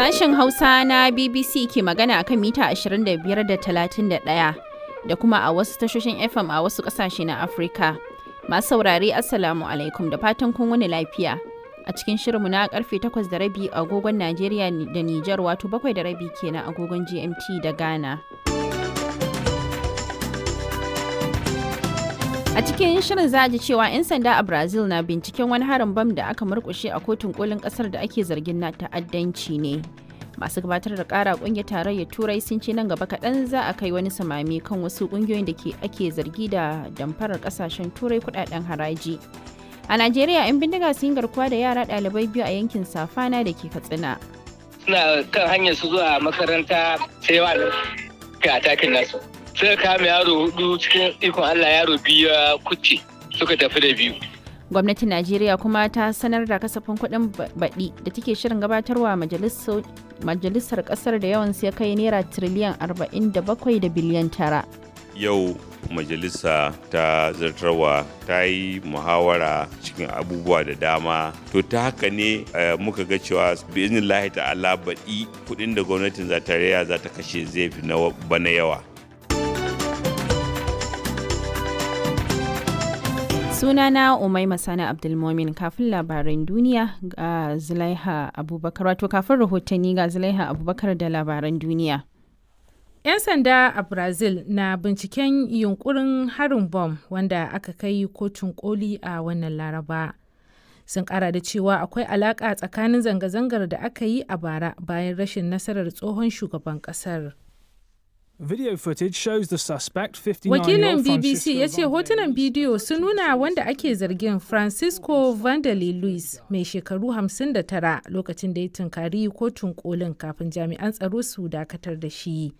Sashen Hausa na BBC ke magana akan mita 25.31 da da kuma a wasu tashoshin FM a wasu ƙasashe na Afirka. Masu saurare Assalamu alaikum da fatan kun wani lafiya. A cikin shirinmu na karfe 8 da rabi agogon Najeriya da Nijar wato 7 da rabi kenan agogon GMT da Ghana. A cikin shirin zaji cewa 'yan sanda a Brazil na binciken wani harin bam da aka murkushe a kotun kolin kasar da ake zargin na ta'addanci ne. Masu gabatar da kara kungiyar tarayyar Turai sun ce nan gaba kaɗan za a kai wani samami kan wasu kungiyoyin da ake zargi da damfarar kasashen Turai kudaden haraji. A Najeriya 'yan bindiga sun garkuwa da yara ɗalibai biyu a yankin Safana da ke Katsina. Suna kan hanyar su zuwa makaranta sai wa ga atakin nasu. sai kame yaro hudu cikin ikon Allah yaro biyu ya kuce suka tafi da biyu. Gwamnatin Najeriya kuma ta sanar da kasafin kuɗin baɗi da take shirin gabatarwa majalisar ƙasar da yawan ya kai naira tiriliyan 47 da biliyan tara. Yau majalisa ta zartarwa ta yi muhawara cikin abubuwa da dama to ta haka ne eh, muka ga cewa biznillahi ta'ala baɗi kuɗin da gwamnatin za ta kashe zai fi yawa sunana umai masana abdulmomin kafin labaran duniya ga zulaiha abubakar wato kafin rahotanni ga zulaiha abubakar da labaran duniya 'yan sanda a brazil na binciken yunkurin harin bom wanda aka kai kotun koli a wannan laraba sun kara da cewa akwai alaka tsakanin zanga-zangar da aka yi a bara bayan rashin nasarar tsohon shugaban kasar. Video shows the suspect 59 Wakilin BBC ya ce hotunan bidiyo sun nuna wanda ake zargin Francisco Vandale Luis mai shekaru 59 lokacin da ya tunkari kotun kolin kafin jami'an tsaro su dakatar da shi.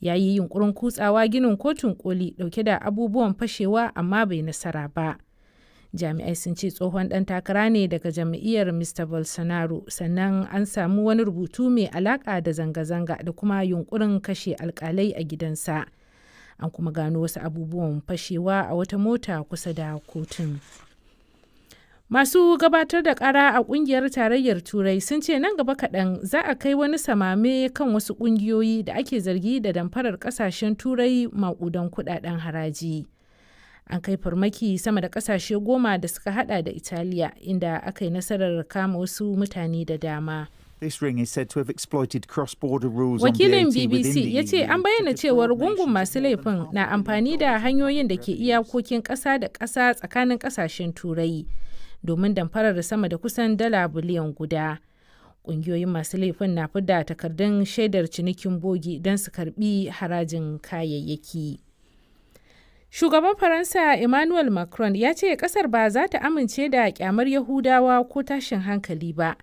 Ya yi yunkurin kutsawa ginin kotun koli dauke da abubuwan fashewa amma bai nasara ba. jami'ai sun ce tsohon dan takara ne daga jam'iyyar mr bolsonaro sannan an samu wani rubutu mai alaƙa da zanga-zanga da kuma yunkurin kashe alƙalai a gidansa an kuma gano wasu abubuwan fashewa a wata mota kusa da kotun masu gabatar da kara a kungiyar tarayyar turai sun ce nan gaba kaɗan za a kai wani samame kan wasu ƙungiyoyi da ake zargi da damfarar ƙasashen turai maƙudan kuɗaɗen haraji an kai farmaki sama da kasashe goma da suka hada da italiya inda aka yi nasarar kama wasu mutane da dama Wakilin BBC ya ce e an bayyana cewar gungun masu laifin na amfani da hanyoyin da ke iyakokin ƙasa da ƙasa tsakanin ƙasashen turai domin damfarar sama da kusan dala biliyan guda. Ƙungiyoyin masu laifin na fidda takardun shaidar cinikin bogi don su karbi harajin kayayyaki. Shugaban Faransa Emmanuel Macron ya ce kasar ba za ta amince da kyamar Yahudawa ko tashin hankali ba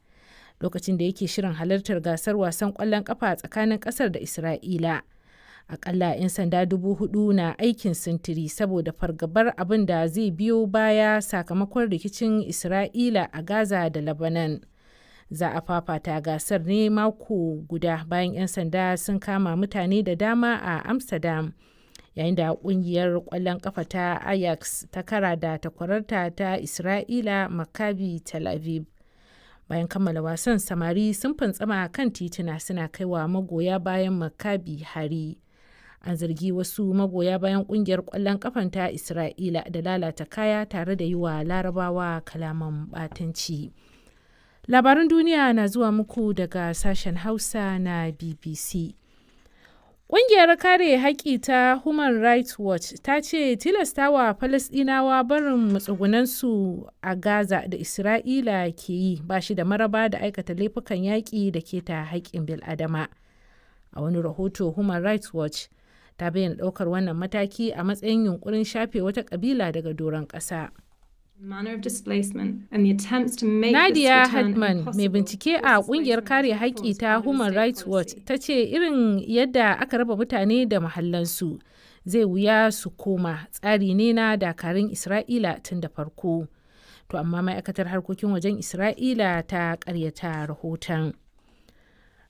lokacin da yake shirin halartar gasar wasan ƙwallon ƙafa tsakanin ƙasar da Isra'ila. aƙalla 'yan sanda dubu hudu na aikin sintiri saboda fargabar abin da zai biyo baya sakamakon rikicin Isra'ila a Gaza da Lebanon. Za a fafata gasar ne mako guda bayan 'yan sanda sun kama mutane da dama a Amsterdam. yayin da kungiyar kwallon kafa ta ajax ta kara da takwararta ta isra'ila makabi tel aviv bayan kammala wasan samari sun fantsama kan tituna suna kaiwa magoya bayan maccabi hari an zargi wasu magoya bayan kungiyar kwallon kafan ta isra'ila da lalata kaya tare da yi wa larabawa kalaman batanci labaran duniya na zuwa muku daga sashen hausa na bbc Ƙungiyar Kare Haƙƙi ta Human Rights Watch ta ce tilastawa Falasɗinawa barin matsugunansu a Gaza da Isra'ila ke yi ba shi da maraba da aikata laifukan yaƙi da ke ta haƙƙin bil'adama. A wani rahoto Human Rights Watch ta bayyana ɗaukar wannan mataki a matsayin yunkurin shafe wata ƙabila daga doron ƙasa. Nadia Hedman, mai bincike a kungiyar kare haƙƙi ta Human Rights Watch, ta ce irin yadda aka raba mutane da mahallansu zai wuya su koma tsari ne na dakarun Isra'ila tun da farko. To amma ma'aikatar harkokin wajen Isra'ila ta ƙaryata rahoton.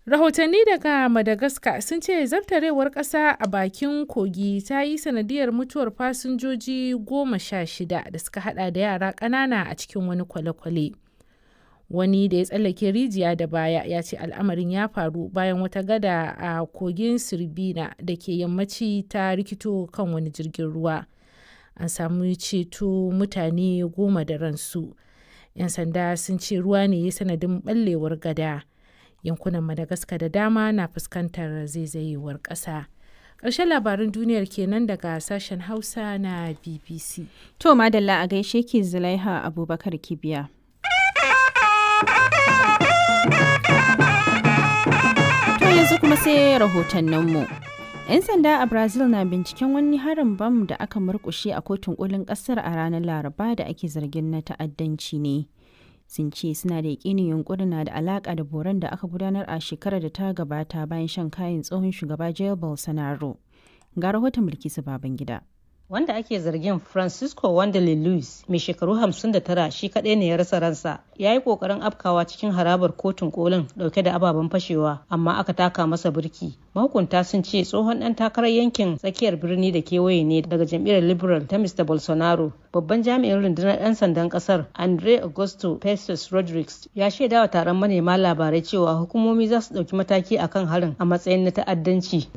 rahotanni daga madagascar sun ce zartarewar ƙasa a bakin kogi ta yi sanadiyar mutuwar fasinjoji goma sha shida da suka hada da yara ƙanana a cikin wani kwale-kwale wani da ya tsallake rijiya da baya ya ce al'amarin ya faru bayan wata gada a kogin sirbina da ke yammaci ta rikito kan wani jirgin ruwa an samu ceto mutane goma da ransu 'yan sanda sun ce ruwa ne ya sanadin ɓallewar gada yankunan madagascar da dama na fuskantar zaizayewar ƙasa ƙarshen labarin duniyar kenan daga sashen hausa na bbc to madalla a gaishe ki zulaiha abubakar kibiya to yanzu kuma sai mu. 'yan sanda a brazil na binciken wani harin bam da aka murkushe a kotun kolin kasar a ranar laraba da ake zargin na ta'addanci ne sun ce suna da yakinin yunkuri na da alaka da boran da aka gudanar a shekarar da ta gabata bayan shan kayan tsohon shugaba jair bolsonaro ga rahoton bilkisu gida wanda ake zargin francisco wandale louis mai shekaru 59 shi kadai ne ya rasa ransa ya yi kokarin afkawa cikin harabar kotun kolin dauke da ababen fashewa amma aka taka masa birki mahukunta sun ce tsohon dan takarar yankin tsakiyar birni da kewaye ne daga jam'iyyar liberal ta mr bolsonaro babban jami'in rundunar 'yan sandan kasar andre augusto pesos rodriguez ya shaida wa taron manema labarai cewa hukumomi za su dauki mataki akan harin a matsayin na ta'addanci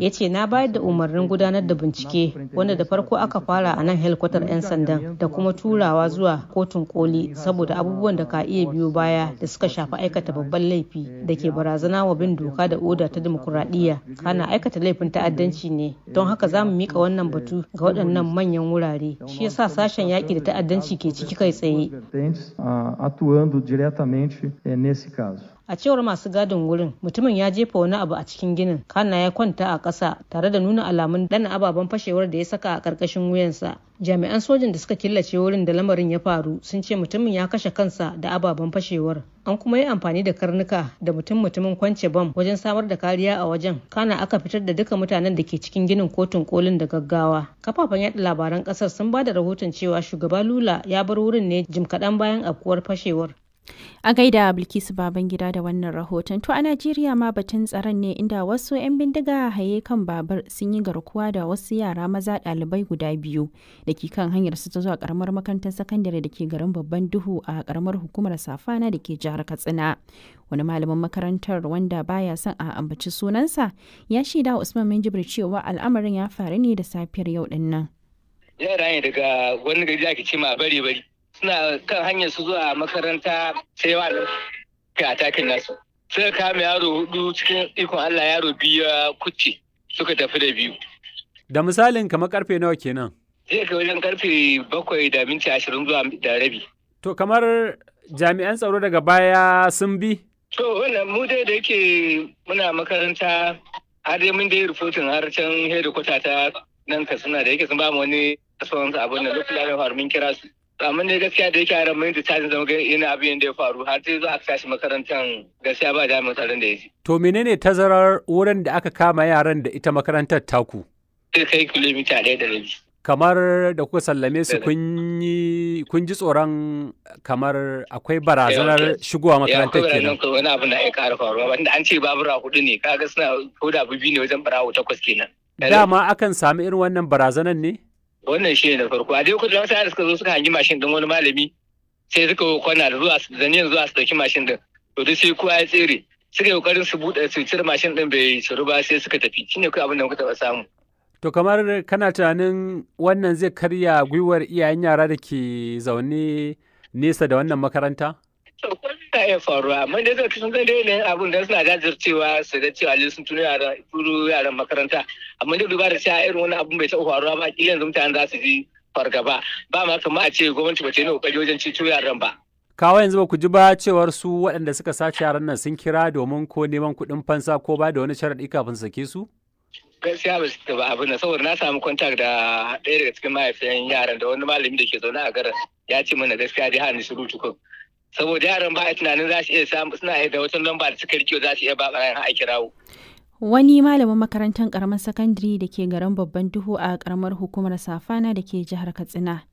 ya ce na bayar bayar da umarnin gudanar da bincike wanda da farko aka fara a nan helikwatar 'yan sandan da kuma turawa zuwa kotun koli saboda abubuwan da ka iya biyo baya da suka shafi aikata babban laifi da ke barazana wa bin doka da oda ta dimokuraɗiyya kana aikata laifin ta'addanci ne don haka za mu mika wannan batu ga waɗannan manyan wurare shi yasa sashen yaƙi da ta'addanci ke ciki kai tsaye. Ah, atuando diretamente eh, nesse caso. a cewar masu gadin wurin mutumin ya jefa wani abu a cikin ginin kana ya kwanta a ƙasa tare da nuna alamun dana ababen fashewar da ya saka a ƙarƙashin wuyansa jami'an sojin da suka killace wurin da lamarin ya faru sun ce mutumin ya kashe kansa da ababen fashewar an kuma yi amfani da karnuka da mutum mutumin kwance bam wajen samar da kariya a wajen kana aka fitar da duka mutanen da ke cikin ginin kotun kolin da gaggawa kafafen 'yaɗa labaran kasar sun ba da rahoton cewa shugaba lula ya bar wurin ne jim kaɗan bayan afkuwar fashewar A gaida Bilkisu Babangida da wannan rahoton. To a Najeriya ma batun tsaron ne inda wasu 'yan bindiga haye kan babur sun yi garkuwa da wasu yara maza ɗalibai guda biyu da ke kan hanyar su ta zuwa karamar makarantar sakandare da ke garin Babban Duhu a karamar hukumar Safana da ke jihar Katsina. Wani malamin makarantar wanda baya son a ambaci sunansa ya shaida Usman Minjibir cewa al'amarin ya faru ne da safiyar yau din nan. Yara ne daga wani gari da ake ce ma bari bari. suna kan hanyar su zuwa makaranta sai wa ka atakin nasu sai kama yaro hudu cikin ikon Allah yaro biyu ya kuce suka tafi da biyu da misalin kamar karfe nawa kenan zai ka wajen karfe bakwai da minti ashirin zuwa da rabi to kamar jami'an tsaro daga baya sun bi to wannan mu dai da yake muna makaranta har dai mun dai rufotin har can hedikwata ta nan ka suna da yake sun ba mu wani asuwan abin da lokacin da har mun kira su amma ne gaskiya da yake yaran mai ta zama ga yana abin da ya faru har sai zo a tashi makarantar gaskiya ba jami'in tsaron da ya ji. To menene tazarar wurin da aka kama yaran da ita makarantar taku? Sai kai kilomita ɗaya da rabi. Kamar da kuka sallame su kun ji tsoron kamar akwai barazanar shigowa makarantar kenan. kawai wani abu na ya kara faruwa wanda an ce babura hudu ne kaga suna ko da abu biyu ne wajen barawo takwas kenan. Dama akan sami irin wannan barazanar ne? wannan shi ne na farko a dai kudin wasu da suka zo suka hangi mashin din wani malami sai suka kwana da zuwa zaniyan zuwa su dauki mashin din to duk sai kowa ya tsere suka yi kokarin su buɗe su cire mashin din bai tsaro ba sai suka tafi shine kai abin da muka taɓa samu to kamar kana tunanin wannan zai karya gwiwar iyayen yara da ke zaune nesa da wannan makaranta ka iya faruwa amma da zai sun zai ne abin da suna jajircewa su ga cewa sun tuno yaran turo yaran makaranta amma da duba da cewa irin wani abin bai taɓa faruwa ba kila yanzu mutane za su ji fargaba ba ma kamar a ce gwamnati ba ta yi kokari wajen cito yaran ba. kawo yanzu ba ku ji ba cewar su waɗanda suka sace yaran nan sun kira domin ko neman kuɗin fansa ko ba da wani sharaɗi kafin sake su? gaskiya ba su ba abin saboda na samu kontak da ɗaya daga cikin mahaifiyan yaran da wani malami da ke zaune a garin ya ce mana gaskiya dai hannu su rutu kun saboda yaran ba tunanin za su iya samu suna da wata lamba da suka rike za su iya ba bayan a kirawo wani malamin makarantar karamar sakandare da ke garin babban duhu a karamar hukumar safana da ke jihar katsina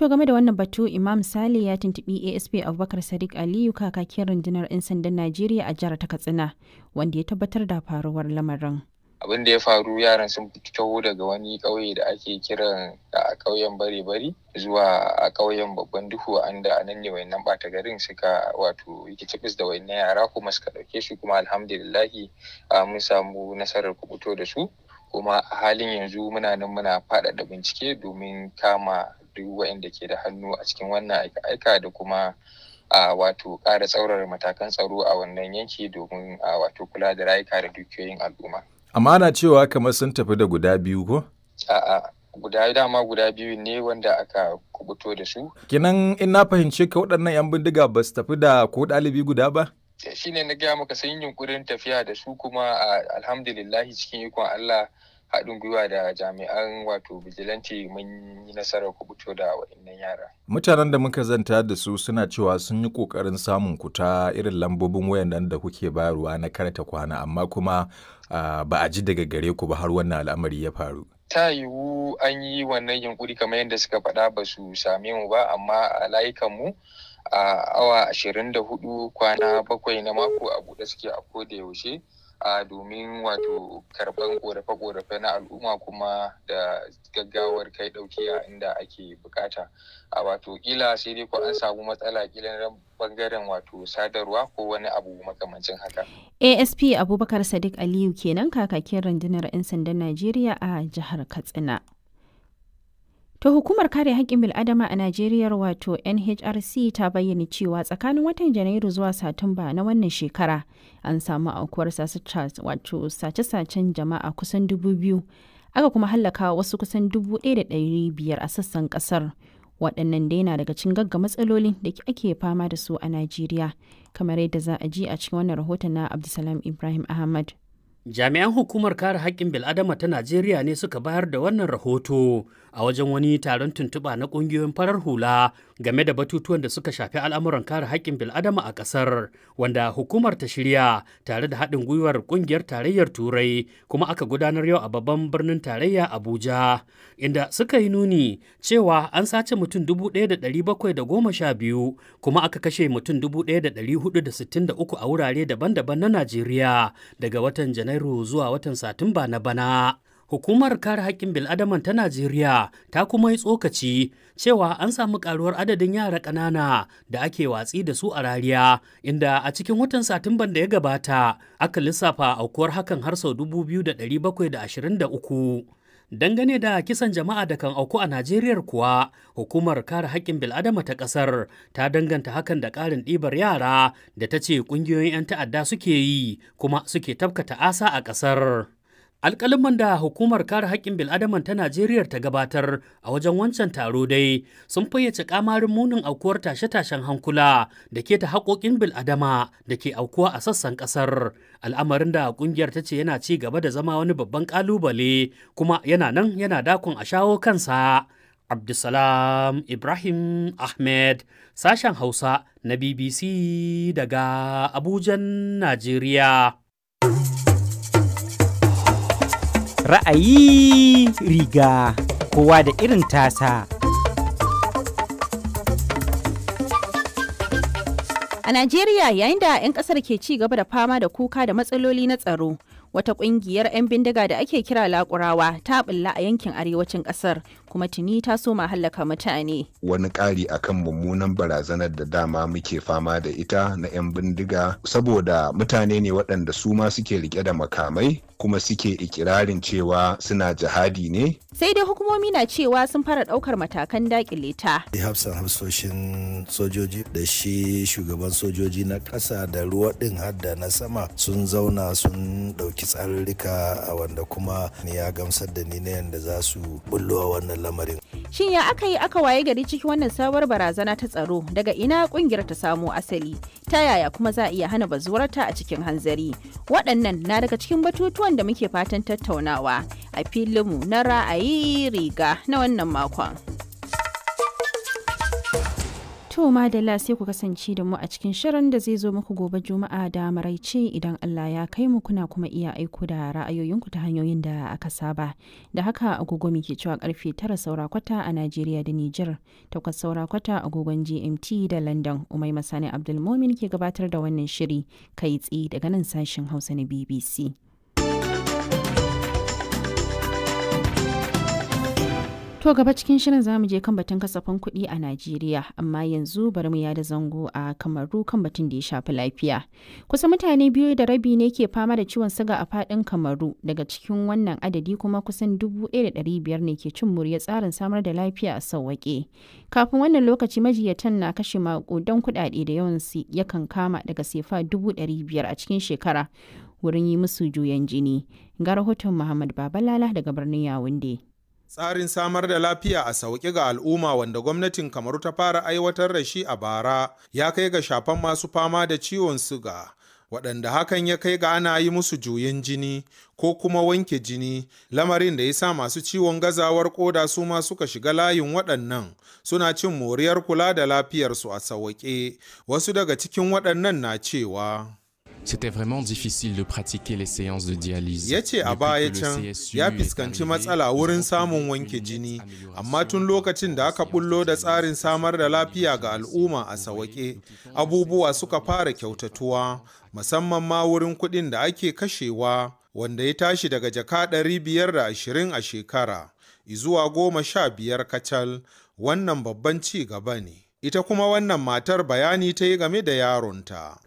to game da wannan batu imam sale ya tuntubi asp abubakar sadiq aliyu kakakin rundunar 'yan sandan najeriya a jihar ta katsina wanda ya tabbatar da faruwar lamarin abin da ya faru yaran sun fito daga wani kauye da ake kiran a ƙauyen bare-bari zuwa a ƙauyen babban duhu an da anan ne wayannan ɓata garin suka wato yake cibis da wayannan yara kuma suka ɗauke su kuma alhamdulillahi mun samu nasarar kubuto da su kuma a halin yanzu muna nan muna faɗaɗa bincike domin kama duk wa'inda ke da hannu a cikin wannan aika da kuma a wato ƙara tsaurara matakan tsaro a wannan yanki domin a wato kula da rayuka da dukiyoyin al'umma. Amma ana cewa kamar sun tafi da guda biyu ko? A'a, guda dama guda biyu ne wanda aka kubuto da su. Kinan in na fahimce ka waɗannan 'yan bindiga ba su tafi da ko ɗalibi guda ba? Eh, Shi ne na gaya maka sun yunkurin tafiya da su kuma alhamdulillahi cikin ikon Allah haɗin gwiwa da jami'an wato bijilanci, mun yi nasarar kubuto da waɗannan yara. Mutanen da muka zanta da su suna cewa sun yi ƙoƙarin samun kuta irin lambobin wayan nan da kuke bayarwa na karta kwana amma kuma ba a ji daga gare ku ba har wannan al'amari ya faru. ta yiwu an yi wannan yunƙuri kamar yadda suka faɗa ba su same mu ba amma a layukanmu a awa ashirin da hudu kwana bakwai na mako a buɗe suke a da yaushe a domin wato karban korafe-korafe na al'umma kuma da gaggawar kai dauki a inda ake bukata a wato kila sai dai ko an samu matsala kila bangaren wato sadarwa ko wani abu makamancin haka asp abubakar sadiq aliyu kenan kakakin rundunar 'yan sandan najeriya a jihar katsina To hukumar kare haƙƙin bil'adama a Najeriya wato NHRC ta bayyana cewa tsakanin watan Janairu zuwa Satumba na wannan shekara an samu aukuwar wato sace-sacen jama'a kusan dubu biyu aka kuma hallaka wasu kusan dubu ɗaya da ɗari biyar a sassan ƙasar. Waɗannan dai na daga cikin gagga matsalolin da ake fama da su a Najeriya kamar yadda za a ji a cikin wannan rahoton na Abdulsalam Ibrahim Ahmad. Jami'an hukumar kare haƙƙin bil'adama ta Najeriya ne suka bayar da wannan rahoto a wajen wani taron tuntuɓa na ƙungiyoyin farar hula game da batutuwan da suka shafi al'amuran kare haƙƙin bil'adama a ƙasar wanda hukumar ta shirya tare da haɗin gwiwar ƙungiyar tarayyar Turai kuma aka gudanar yau a babban birnin tarayya Abuja inda suka yi nuni cewa an sace mutum dubu ɗaya da bakwai goma sha biyu kuma aka kashe mutum dubu ɗaya da da ɗari uku a wurare daban-daban na Najeriya daga watan Janairu zuwa watan Satumba na bana. Hukumar kare haƙƙin bil'adaman ta Najeriya ta kuma yi tsokaci cewa an samu ƙaruwar adadin yara ƙanana da ake watsi da su a rariya, inda a cikin watan Satumban da ya gabata aka lissafa aukuwar hakan har sau 2,723. Dangane da kisan jama'a da kan auku a Najeriya kuwa, hukumar kare haƙƙin bil'adama ta ƙasar ta danganta hakan da ƙarin ɗibar yara da ta ce ƙungiyoyin 'yan ta'adda suke yi kuma suke tafkata ta'asa a ƙasar. alƙaliman da hukumar kare haƙƙin bil'adaman ta najeriya ta gabatar a wajen wancan taro dai sun fayyace kamarin munin aukuwar tashe-tashen hankula da ke ta haƙoƙin bil'adama da ke aukuwa a sassan ƙasar al'amarin da ƙungiyar ta ce yana ci gaba da zama wani babban ƙalubale kuma yana nan yana dakon a shawo kansa abdulsalam ibrahim ahmed sashen hausa na bbc daga abujan najeriya ra'ayi riga kowa da irin tasa. A Najeriya yayin da 'yan kasar ke ci gaba da fama da kuka da matsaloli na tsaro, wata kungiyar 'yan bindiga da ake kira laƙurawa ta bulla a yankin arewacin ƙasar kuma tuni ta soma hallaka mutane. Wani ƙari akan mummunan barazanar da dama muke fama da ita na 'yan bindiga saboda mutane ne waɗanda su ma suke rike da makamai kuma suke ikirarin cewa suna jihadi ne. Sai dai hukumomi na cewa sun fara ɗaukar matakan daƙile ta. Hafsan hafsoshin sojoji da shi shugaban sojoji na ƙasa da ruwa ɗin hadda na sama sun zauna sun ɗauki tsarurruka wanda kuma ya gamsar da ni na yadda za su bullowa wannan shinya lamarin. Shin ya aka yi aka waye gari cikin wannan sabuwar barazana ta tsaro daga ina kungiyar ta samo asali ta yaya kuma za a iya hana bazuwarta a cikin hanzari waɗannan na daga cikin batutuwan da muke fatan tattaunawa a filinmu na ra'ayi riga na wannan makon. To madalla sai ku kasance da mu a cikin shirin da zai zo muku gobe Juma'a da maraice idan Allah ya kai mu kuna kuma iya aiko da ra'ayoyinku ta hanyoyin da aka saba. Da haka agogo muke cewa karfe tara saura kwata a Najeriya da Nijar, takwas saura kwata agogon GMT da London. Umai Masani Abdulmomin ke gabatar da wannan shiri kai tsi daga nan sashen Hausa na BBC. To gaba cikin shirin zamu je kan batun kasafin kuɗi a Najeriya, amma yanzu bari mu yada zango a Kamaru kan batun da ya shafi lafiya. Kusa mutane biyu da rabi ne ke fama da ciwon suga a faɗin Kamaru, daga cikin wannan adadi kuma kusan dubu biyar ne ke cin murya tsarin samar da lafiya a sauwaƙe. Kafin wannan lokaci majiyatan na kashe maƙudan kuɗaɗe da yawan su yakan kama daga sefa dubu biyar a cikin shekara wurin yi musu juyan jini. Ga rahoton Muhammad Babalala daga birnin Yawunde. tsarin samar da lafiya a sauƙi ga al'umma wanda gwamnatin kamaru ta fara aiwatar da shi a bara ya kai ga shafan masu fama da ciwon suga waɗanda hakan ya kai ga ana yi musu juyin jini ko kuma wanke jini lamarin da ya sa masu ciwon gazawar koda su ma suka shiga layin waɗannan suna cin moriyar kula da lafiyarsu a sauƙe, wasu daga cikin waɗannan na cewa c'était vraiment difficile de pratiquer les séances de dialyse. Ya ce a baya can ya fuskanci matsala wurin samun wanke jini, amma tun lokacin da aka bullo da tsarin samar da lafiya ga al'umma a sawaƙe, abubuwa suka fara kyautatuwa, musamman ma wurin kuɗin da ake kashewa, wanda ya tashi daga jaka ɗari biyar da ashirin a shekara, zuwa goma sha biyar kacal, wannan babban ci gaba ne. Ita kuma wannan matar bayani ta yi game da yaronta.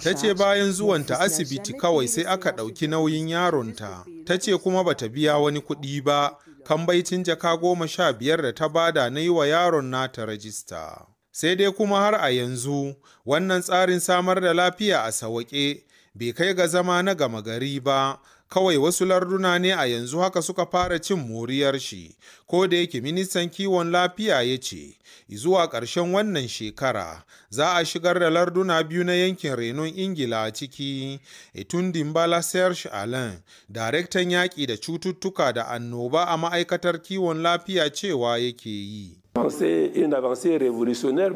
Ta ce bayan zuwanta asibiti kawai sai aka ɗauki nauyin yaronta. Ta ce kuma bata biya wani kuɗi ba, kambaicin jaka goma sha biyar da ta bada na yi wa yaron nata rajista. Sai dai kuma har a yanzu, wannan tsarin samar da lafiya a sawaƙe bai kai ga zama na gama gari ba, kawai wasu larduna ne a yanzu haka suka fara cin moriyar shi ko da yake ministan kiwon lafiya ya ce zuwa ƙarshen wannan shekara za a shigar da larduna biyu na yankin renon ingila a ciki etun dimbala serge allen daraktan yaƙi da cututtuka da annoba a ma'aikatar kiwon lafiya cewa yake yi C'est une euh,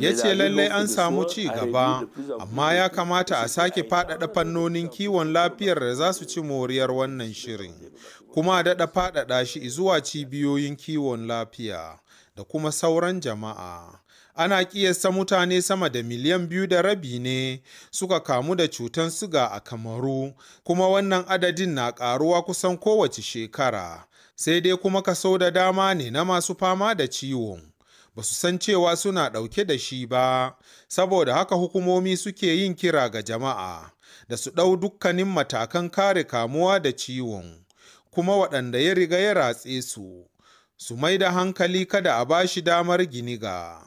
Ya ce lallai an samu ci gaba, amma ya kamata a sake faɗaɗa fannonin kiwon lafiyar da za su ci moriyar wannan shirin, kuma a daɗa faɗaɗa shi zuwa cibiyoyin kiwon lafiya da kuma sauran jama'a. Ana ƙiyasta mutane sama da miliyan biyu da rabi ne suka kamu da cutan suga a Kamaru, kuma wannan adadin na ƙaruwa kusan kowace shekara. sai dai kuma kaso da dama ne na masu fama da ciwon. ba su san cewa suna ɗauke da shi ba, saboda haka hukumomi suke yin kira ga jama'a da su ɗau dukkanin matakan kare kamuwa da ciwon, kuma waɗanda ya riga ya ratse su, su mai da hankali kada a ba shi damar giniga.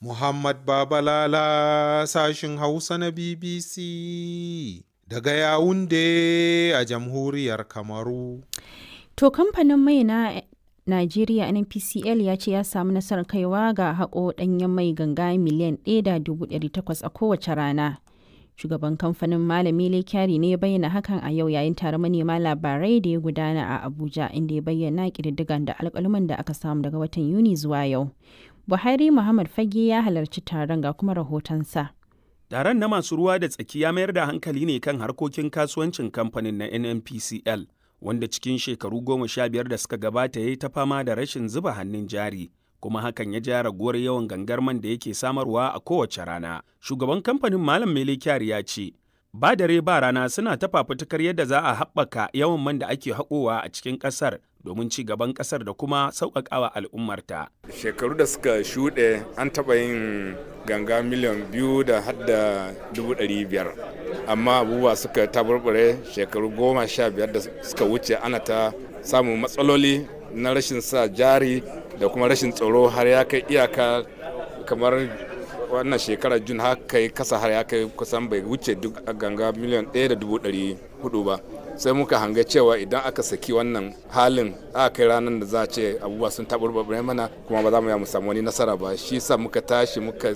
Muhammad Babalala sashin Hausa na BBC daga Yawunde a jamhuriyar Kamaru. To kamfanin mai na Najeriya NPCL ya ce ya samu nasarar kaiwa ga haƙo ɗanyen mai ganga miliyan 1.800 a kowace rana. Shugaban kamfanin Malami Lekyari ne ya bayyana hakan a yau yayin taron manema labarai da ya gudana a Abuja inda ya bayyana ƙididdigan da alƙaluman da aka samu daga watan Yuni zuwa yau. Buhari Muhammad Fage ya halarci taron ga kuma rahotonsa. Taron na masu ruwa da tsaki ya mayar da hankali ne kan harkokin kasuwancin kamfanin na NNPCL wanda cikin shekaru goma sha biyar da suka gabata ya yi ta fama da rashin zuba hannun jari kuma hakan ya ja raguwar yawan gangar man da yake samarwa a kowace rana shugaban kamfanin malam mele kyari ya ce ba dare ba rana suna ta fafutukar yadda za a haɓaka yawan man da ake haƙowa a cikin ƙasar domin ci gaban ƙasar da kuma sauƙaƙawa al'ummarta shekaru da suka shuɗe an taɓa yin ganga miliyan biyu da hadda dubu ɗari biyar amma abubuwa suka taburbure shekaru goma sha biyar da suka wuce ana ta samun matsaloli na rashin sa jari da kuma rashin tsoro har ya kai iyaka kamar wannan shekarar jun haka kai kasa har ya kai kusan bai wuce duk ganga miliyan ɗaya da dubu ɗari hudu ba sai muka hanga cewa idan aka saki wannan halin a kai ranar da za a ce abubuwa sun taɓa mana kuma ba za mu ya mu samu wani nasara ba shi sa muka tashi muka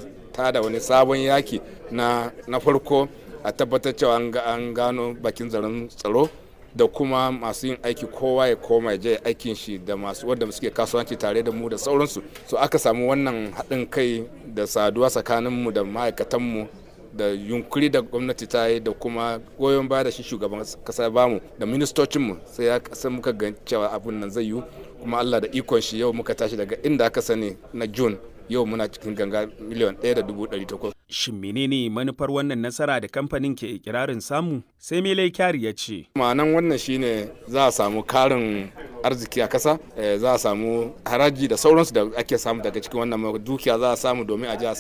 da wani sabon yaki na farko a tabbatar cewa an gano bakin zaren tsaro da kuma masu yin aiki kowa ya koma je aikin shi da masu wadda suke kasuwanci tare da mu da sauransu so aka samu wannan haɗin kai da saduwa tsakaninmu da ma'aikatanmu da yunkuri da gwamnati ta yi da kuma goyon baya da shi shugaban kasa bamu da ministocinmu sai ya san muka gan cewa abin nan zai yi kuma allah da ikon shi yau muka tashi daga inda aka sani na june yau muna cikin ganga miliyan 1.800. Shin menene manufar wannan nasara da kamfanin ke ikirarin samu? Sai Mele Kyari ya ce. Ma'anan wannan shine za a samu karin arziki a kasa eh, za a samu haraji da sauransu da ake samu daga cikin wannan dukiya za a samu domin a ji